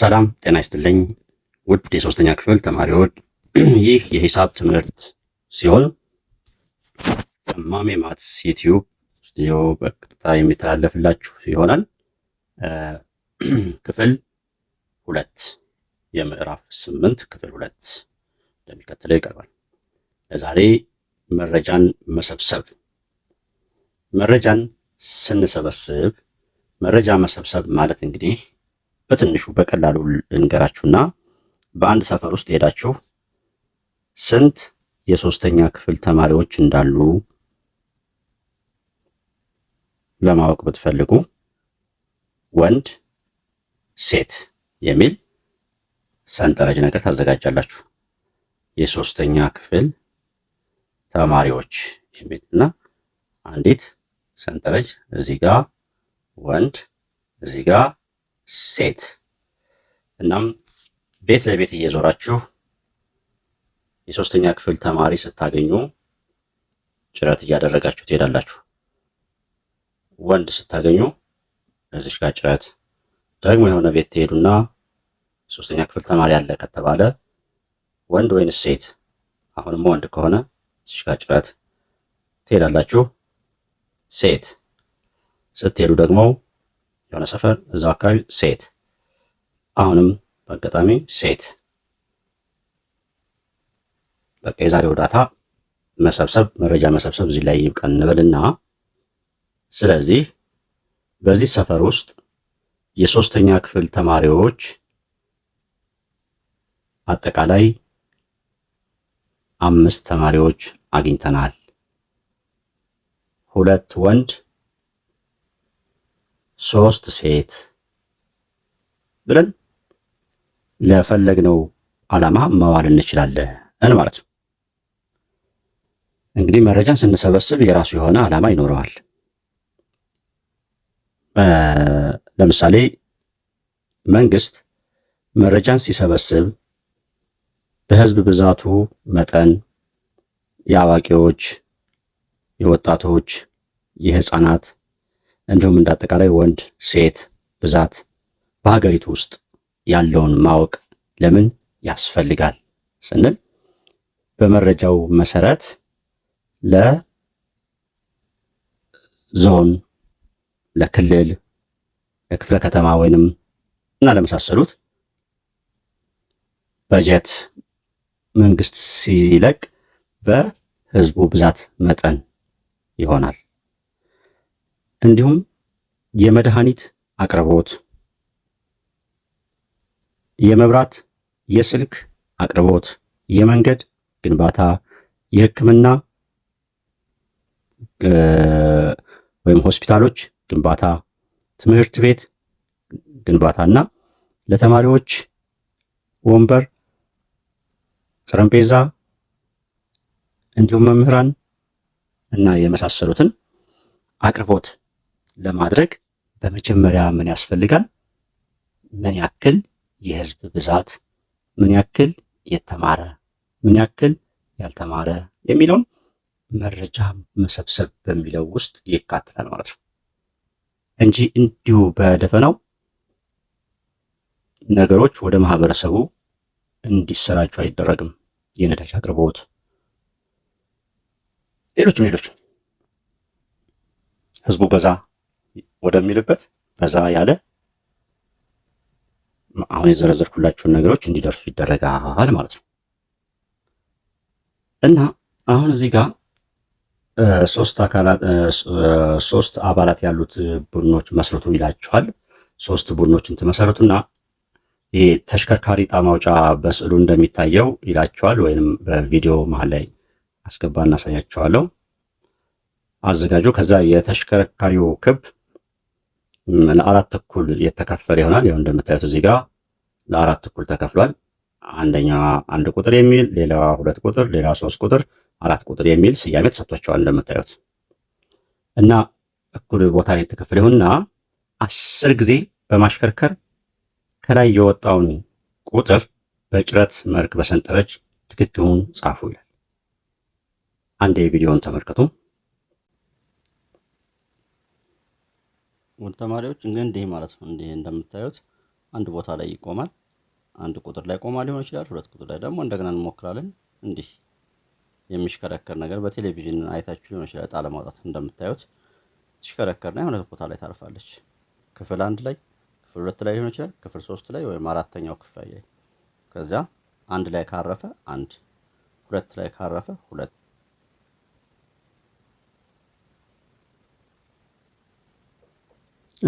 ሰላም ጤና ይስጥልኝ ውድ የሶስተኛ ክፍል ተማሪዎች፣ ይህ የሂሳብ ትምህርት ሲሆን እማሜ ማትስ ዩቲዩብ ስቱዲዮ በቀጥታ የሚተላለፍላችሁ ይሆናል። ክፍል ሁለት የምዕራፍ ስምንት ክፍል ሁለት እንደሚከተለው ይቀርባል። ለዛሬ መረጃን መሰብሰብ። መረጃን ስንሰበስብ መረጃ መሰብሰብ ማለት እንግዲህ በትንሹ በቀላሉ ልንገራችሁና በአንድ ሰፈር ውስጥ ሄዳችሁ ስንት የሶስተኛ ክፍል ተማሪዎች እንዳሉ ለማወቅ ብትፈልጉ ወንድ፣ ሴት የሚል ሰንጠረዥ ነገር ታዘጋጃላችሁ። የሶስተኛ ክፍል ተማሪዎች የሚል እና አንዲት ሰንጠረዥ እዚህ ጋር ወንድ እዚህ ጋር ሴት። እናም ቤት ለቤት እየዞራችሁ የሶስተኛ ክፍል ተማሪ ስታገኙ ጭረት እያደረጋችሁ ትሄዳላችሁ። ወንድ ስታገኙ እዚች ጋር ጭረት ደግሞ የሆነ ቤት ትሄዱና ሶስተኛ ክፍል ተማሪ አለ ከተባለ ወንድ ወይንስ ሴት? አሁንም ወንድ ከሆነ እዚች ጋር ጭረት ትሄዳላችሁ። ሴት ስትሄዱ ደግሞ የሆነ ሰፈር እዛ አካባቢ ሴት። አሁንም በአጋጣሚ ሴት። በቃ የዛሬው ዳታ መሰብሰብ መረጃ መሰብሰብ እዚህ ላይ ይብቃን እንበልና ስለዚህ በዚህ ሰፈር ውስጥ የሶስተኛ ክፍል ተማሪዎች አጠቃላይ አምስት ተማሪዎች አግኝተናል። ሁለት ወንድ ሶስት ሴት ብለን ለፈለግነው ዓላማ መዋል እንችላለን ማለት ነው። እንግዲህ መረጃን ስንሰበስብ የራሱ የሆነ ዓላማ ይኖረዋል። ለምሳሌ መንግስት መረጃን ሲሰበስብ በህዝብ ብዛቱ መጠን የአዋቂዎች፣ የወጣቶች፣ የህፃናት እንዲሁም እንዳጠቃላይ ወንድ ሴት ብዛት በሀገሪቱ ውስጥ ያለውን ማወቅ ለምን ያስፈልጋል ስንል በመረጃው መሰረት ለዞን፣ ለክልል፣ ለክፍለ ከተማ ወይንም እና ለመሳሰሉት በጀት መንግስት ሲለቅ በህዝቡ ብዛት መጠን ይሆናል። እንዲሁም የመድኃኒት አቅርቦት፣ የመብራት፣ የስልክ አቅርቦት፣ የመንገድ ግንባታ፣ የሕክምና ወይም ሆስፒታሎች ግንባታ፣ ትምህርት ቤት ግንባታ እና ለተማሪዎች ወንበር፣ ጠረጴዛ እንዲሁም መምህራን እና የመሳሰሉትን አቅርቦት ለማድረግ በመጀመሪያ ምን ያስፈልጋል? ምን ያክል የህዝብ ብዛት፣ ምን ያክል የተማረ፣ ምን ያክል ያልተማረ የሚለውን መረጃ መሰብሰብ በሚለው ውስጥ ይካተታል ማለት ነው እንጂ እንዲሁ በደፈናው ነገሮች ወደ ማህበረሰቡ እንዲሰራጩ አይደረግም። የነዳጅ አቅርቦት፣ ሌሎችም ሌሎችም ህዝቡ በዛ ወደሚልበት በዛ ያለ አሁን የዘረዘርኩላችሁን ነገሮች እንዲደርሱ ይደረጋል ማለት ነው። እና አሁን እዚህ ጋር ሶስት አካላት ሶስት አባላት ያሉት ቡድኖች መስርቱ ይላችኋል። ሶስት ቡድኖችን ትመሰርቱና ተሽከርካሪ ዕጣ ማውጫ በስዕሉ እንደሚታየው ይላችኋል። ወይም በቪዲዮ መሀል ላይ አስገባ እናሳያችኋለሁ። አዘጋጁ። ከዛ የተሽከርካሪው ክብ ለአራት እኩል የተከፈለ ይሆናል። ያው እንደምታዩት እዚህ ጋር ለአራት እኩል ተከፍሏል። አንደኛዋ አንድ ቁጥር የሚል ሌላ ሁለት ቁጥር ሌላ ሶስት ቁጥር አራት ቁጥር የሚል ስያሜ ተሰጥቷቸዋል እንደምታዩት እና እኩል ቦታ ላይ የተከፈለ ይሁንና አስር ጊዜ በማሽከርከር ከላይ የወጣውን ቁጥር በጭረት መልክ በሰንጠረጅ ትክክሉን ጻፉ ይላል። አንድ የቪዲዮውን ተመልከቱ። ውድ ተማሪዎች እንግዲህ እንዲህ ማለት ነው። እንዲህ እንደምታዩት አንድ ቦታ ላይ ይቆማል። አንድ ቁጥር ላይ ቆማ ሊሆን ይችላል። ሁለት ቁጥር ላይ ደግሞ እንደገና እንሞክራለን። እንዲህ የሚሽከረከር ነገር በቴሌቪዥን አይታችሁ ሊሆን ይችላል። ዕጣ ለማውጣት እንደምታዩት ትሽከረከርና የሆነ ቦታ ላይ ታርፋለች። ክፍል አንድ ላይ፣ ክፍል ሁለት ላይ ሊሆን ይችላል። ክፍል ሶስት ላይ ወይም አራተኛው ክፍል ላይ ከዚያ አንድ ላይ ካረፈ አንድ፣ ሁለት ላይ ካረፈ ሁለት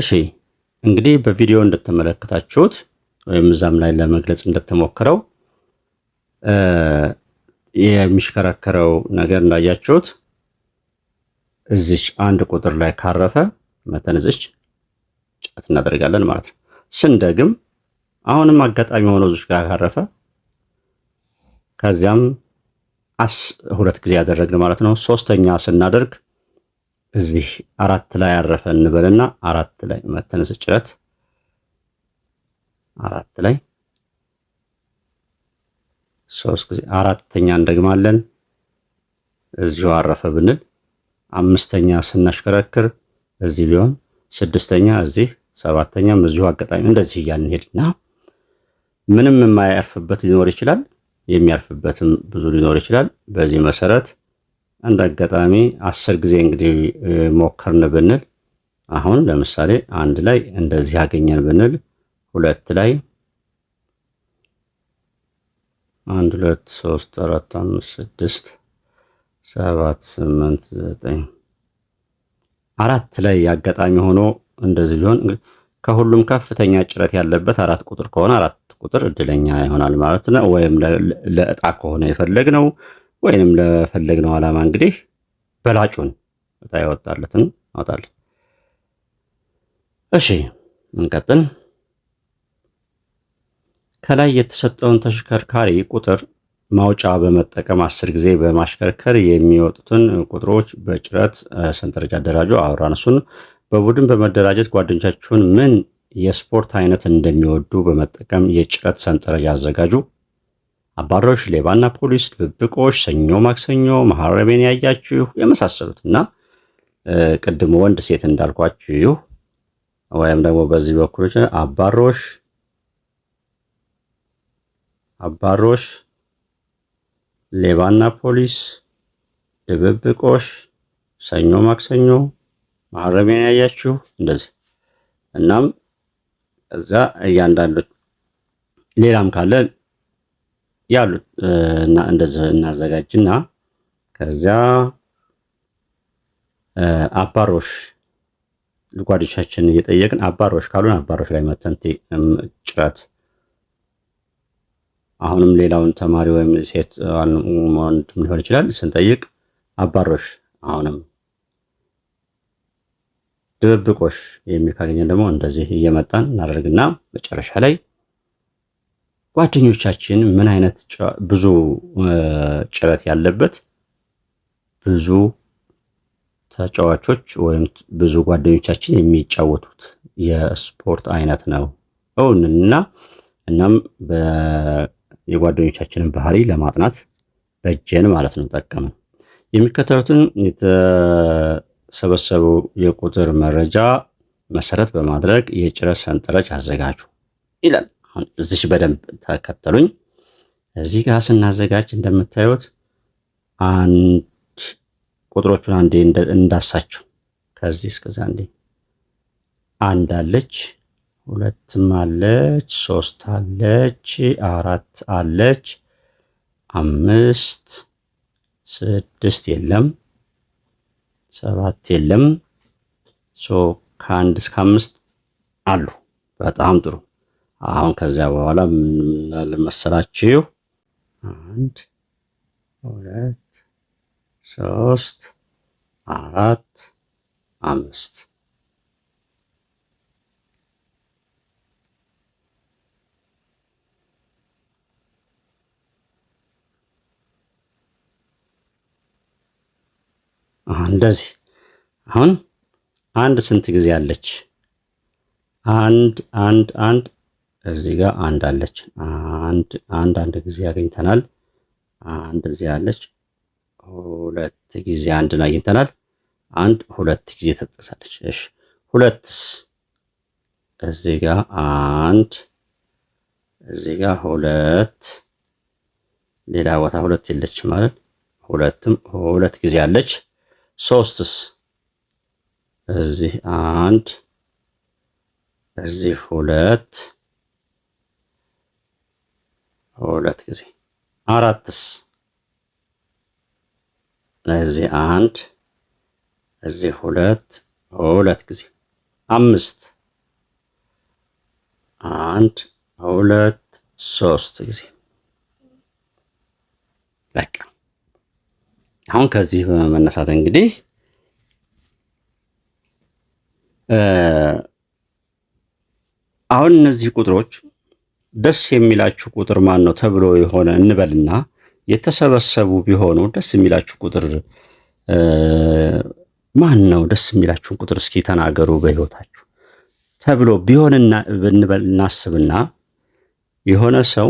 እሺ እንግዲህ በቪዲዮ እንደተመለከታችሁት ወይም እዛም ላይ ለመግለጽ እንደተሞከረው የሚሽከረከረው ነገር እንዳያችሁት እዚች አንድ ቁጥር ላይ ካረፈ መተን እዚች ጫት እናደርጋለን ማለት ነው። ስንደግም አሁንም አጋጣሚ ሆኖ እዚች ጋር ካረፈ ከዚያም አስ ሁለት ጊዜ ያደረግን ማለት ነው። ሶስተኛ ስናደርግ እዚህ አራት ላይ አረፈ እንበልና አራት ላይ መተነስ ጭረት አራት ላይ ሶስት ጊዜ አራተኛ እንደግማለን። እዚሁ አረፈ ብንል አምስተኛ ስናሽከረክር እዚህ ቢሆን ስድስተኛ እዚህ ሰባተኛም እዚሁ አጋጣሚ እንደዚህ እያልን ሄድና ምንም የማያርፍበት ሊኖር ይችላል። የሚያርፍበትም ብዙ ሊኖር ይችላል። በዚህ መሰረት አንድ አጋጣሚ አስር ጊዜ እንግዲህ ሞከርን ብንል አሁን ለምሳሌ አንድ ላይ እንደዚህ ያገኘን ብንል ሁለት ላይ አንድ ሁለት ሶስት አራት አምስት ስድስት ሰባት ስምንት ዘጠኝ አራት ላይ አጋጣሚ ሆኖ እንደዚህ ቢሆን ከሁሉም ከፍተኛ ጭረት ያለበት አራት ቁጥር ከሆነ አራት ቁጥር እድለኛ ይሆናል ማለት ነው። ወይም ለእጣ ከሆነ ነው። ወይንም ለፈለግነው ዓላማ እንግዲህ በላጩን እጣ ያወጣለትን አውጣለን። እሺ እንቀጥል። ከላይ የተሰጠውን ተሽከርካሪ ቁጥር ማውጫ በመጠቀም አስር ጊዜ በማሽከርከር የሚወጡትን ቁጥሮች በጭረት ሰንጠረዥ አደራጁ። አብራን በቡድን በመደራጀት ጓደኞቻችሁን ምን የስፖርት አይነት እንደሚወዱ በመጠቀም የጭረት ሰንጠረዥ አዘጋጁ። አባሮሽ፣ ሌባና ፖሊስ፣ ድብብቆሽ፣ ሰኞ ማክሰኞ፣ መሐረቤን ያያችሁ የመሳሰሉት እና ቅድም ወንድ ሴት እንዳልኳችሁ ወይም ደግሞ በዚህ በኩል አባሮሽ አባሮሽ፣ ሌባና ፖሊስ፣ ድብብቆሽ፣ ሰኞ ማክሰኞ፣ መሐረቤን ያያችሁ እንደዚህ እናም እዛ እያንዳንዱ ሌላም ካለ ያሉት እና እንደዚህ እናዘጋጅና ከዚያ አባሮሽ ልጓዶቻችን እየጠየቅን አባሮሽ ካሉን አባሮሽ ላይ መተንቴ ጭረት አሁንም ሌላውን ተማሪ ወይም ሴት ወንድም ሊሆን ይችላል ስንጠይቅ አባሮሽ አሁንም ድብብቆሽ የሚል ካገኘን ደግሞ እንደዚህ እየመጣን እናደርግና መጨረሻ ላይ ጓደኞቻችን ምን አይነት ብዙ ጭረት ያለበት ብዙ ተጫዋቾች ወይም ብዙ ጓደኞቻችን የሚጫወቱት የስፖርት አይነት ነው እና እናም የጓደኞቻችንን ባህሪ ለማጥናት በጀን ማለት ነው ጠቀመ የሚከተሉትን የተሰበሰቡ የቁጥር መረጃ መሰረት በማድረግ የጭረት ሰንጠረዥ አዘጋጁ ይላል። አሁን እዚሽ በደንብ ተከተሉኝ። እዚህ ጋር ስናዘጋጅ እንደምታዩት አንድ ቁጥሮቹን አንዴ እንዳሳችሁ ከዚህ እስከዛ አንዴ አንድ አለች፣ ሁለትም አለች፣ ሶስት አለች፣ አራት አለች፣ አምስት ስድስት የለም፣ ሰባት የለም። ሶ ከአንድ እስከ አምስት አሉ። በጣም ጥሩ። አሁን ከዚያ በኋላ ምን መሰላችሁ? አንድ ሁለት ሶስት አራት አምስት እንደዚህ አሁን አንድ ስንት ጊዜ አለች? አንድ አንድ አንድ እዚህ ጋር አንድ አለች። አንድ አንድ አንድ ጊዜ አግኝተናል። አንድ እዚህ አለች። ሁለት ጊዜ አንድን አግኝተናል። አንድ ሁለት ጊዜ ተጠቅሳለች። እሺ ሁለትስ እዚህ ጋር አንድ እዚህ ጋር ሁለት ሌላ ቦታ ሁለት የለች ማለት ሁለትም ሁለት ጊዜ አለች። ሶስትስ እዚህ አንድ እዚህ ሁለት ሁለት ጊዜ አራትስ እዚህ አንድ እዚህ ሁለት ሁለት ጊዜ አምስት አንድ ሁለት ሶስት ጊዜ በቃ አሁን ከዚህ በመነሳት እንግዲህ አሁን እነዚህ ቁጥሮች ደስ የሚላችሁ ቁጥር ማን ነው ተብሎ የሆነ እንበልና የተሰበሰቡ ቢሆኑ ደስ የሚላችሁ ቁጥር ማን ነው? ደስ የሚላችሁን ቁጥር እስኪ ተናገሩ በህይወታችሁ ተብሎ ቢሆን እንበል እናስብና የሆነ ሰው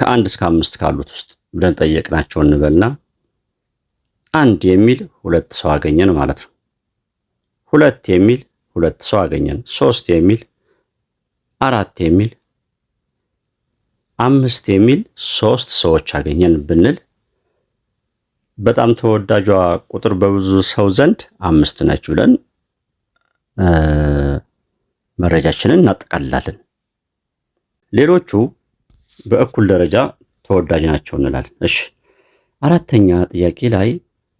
ከአንድ እስከ አምስት ካሉት ውስጥ ብለን ጠየቅናቸው እንበልና አንድ የሚል ሁለት ሰው አገኘን ማለት ነው። ሁለት የሚል ሁለት ሰው አገኘን። ሶስት የሚል አራት የሚል አምስት የሚል ሶስት ሰዎች አገኘን ብንል በጣም ተወዳጇ ቁጥር በብዙ ሰው ዘንድ አምስት ነች ብለን መረጃችንን እናጠቃልላለን። ሌሎቹ በእኩል ደረጃ ተወዳጅ ናቸው እንላለን። እሺ አራተኛ ጥያቄ ላይ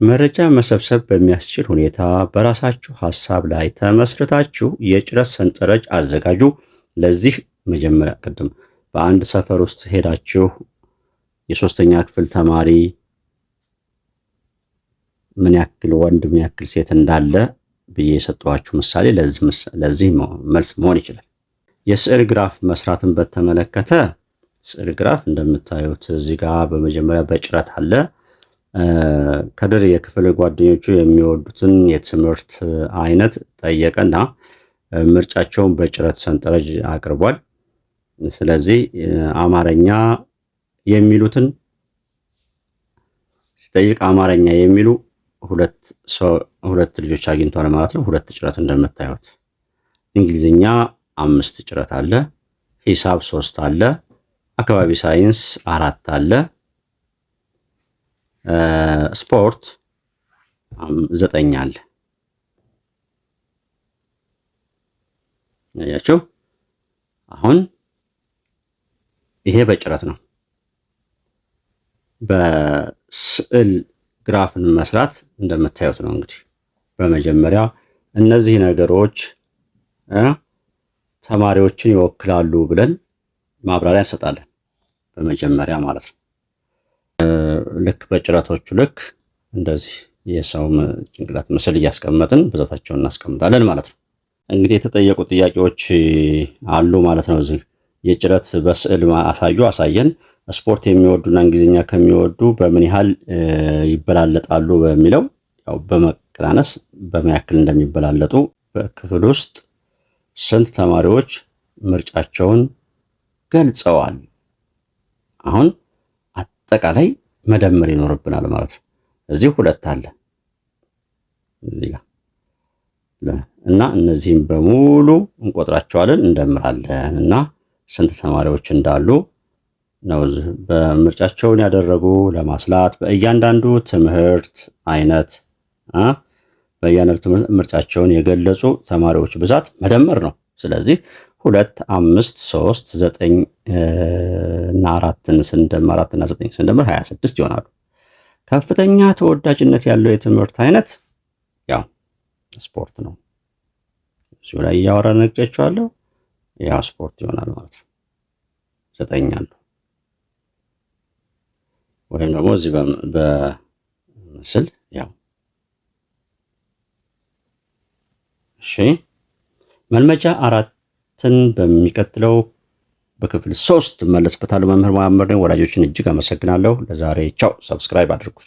መረጃ መሰብሰብ በሚያስችል ሁኔታ በራሳችሁ ሀሳብ ላይ ተመስርታችሁ የጭረት ሰንጠረዥ አዘጋጁ። ለዚህ መጀመሪያ ቅድም በአንድ ሰፈር ውስጥ ሄዳችሁ የሶስተኛ ክፍል ተማሪ ምን ያክል ወንድ ምን ያክል ሴት እንዳለ ብዬ የሰጠኋችሁ ምሳሌ ለዚህ መልስ መሆን ይችላል። የስዕል ግራፍ መስራትን በተመለከተ ስዕል ግራፍ እንደምታዩት እዚህ ጋር በመጀመሪያ በጭረት አለ። ከድር የክፍል ጓደኞቹ የሚወዱትን የትምህርት አይነት ጠየቀና ምርጫቸውን በጭረት ሰንጠረዥ አቅርቧል። ስለዚህ አማርኛ የሚሉትን ሲጠይቅ አማርኛ የሚሉ ሁለት ልጆች አግኝቷል ማለት ነው። ሁለት ጭረት እንደምታዩት እንግሊዝኛ አምስት ጭረት አለ። ሂሳብ ሶስት አለ። አካባቢ ሳይንስ አራት አለ። ስፖርት ዘጠኝ አለ። ያቸው አሁን ይሄ በጭረት ነው። በስዕል ግራፍን መስራት እንደምታዩት ነው። እንግዲህ በመጀመሪያ እነዚህ ነገሮች ተማሪዎችን ይወክላሉ ብለን ማብራሪያ እንሰጣለን። በመጀመሪያ ማለት ነው። ልክ በጭረቶቹ ልክ እንደዚህ የሰው ጭንቅላት ምስል እያስቀመጥን ብዛታቸውን እናስቀምጣለን ማለት ነው። እንግዲህ የተጠየቁ ጥያቄዎች አሉ ማለት ነው። እዚህ የጭረት በስዕል አሳዩ አሳየን። ስፖርት የሚወዱና እንግሊዝኛ ከሚወዱ በምን ያህል ይበላለጣሉ በሚለው ያው በመቀናነስ በምን ያክል እንደሚበላለጡ በክፍል ውስጥ ስንት ተማሪዎች ምርጫቸውን ገልጸዋል? አሁን አጠቃላይ መደመር ይኖርብናል ማለት ነው። እዚህ ሁለት አለ እዚህ ጋር እና እነዚህም በሙሉ እንቆጥራቸዋለን እንደምራለን እና ስንት ተማሪዎች እንዳሉ ነው በምርጫቸውን ያደረጉ ለማስላት በእያንዳንዱ ትምህርት አይነት በእያንዳንዱ ምርጫቸውን የገለጹ ተማሪዎች ብዛት መደመር ነው። ስለዚህ ሁለት አምስት ሶስት ዘጠኝ እና አራትን ስንደምር አራትና ዘጠኝ ስንደምር ሀያ ስድስት ይሆናሉ። ከፍተኛ ተወዳጅነት ያለው የትምህርት አይነት ያው ስፖርት ነው። እዚሁ ላይ እያወራ ነቅጨችዋለሁ። ያ ስፖርት ይሆናል ማለት ነው። ዘጠኝ ወይም ደግሞ እዚህ በምስል ያው እሺ መልመጃ አራትን በሚቀጥለው በክፍል ሶስት መለስበታለሁ። መምህር መሐመድ ነኝ። ወላጆችን እጅግ አመሰግናለሁ። ለዛሬ ቻው። ሰብስክራይብ አድርጉ።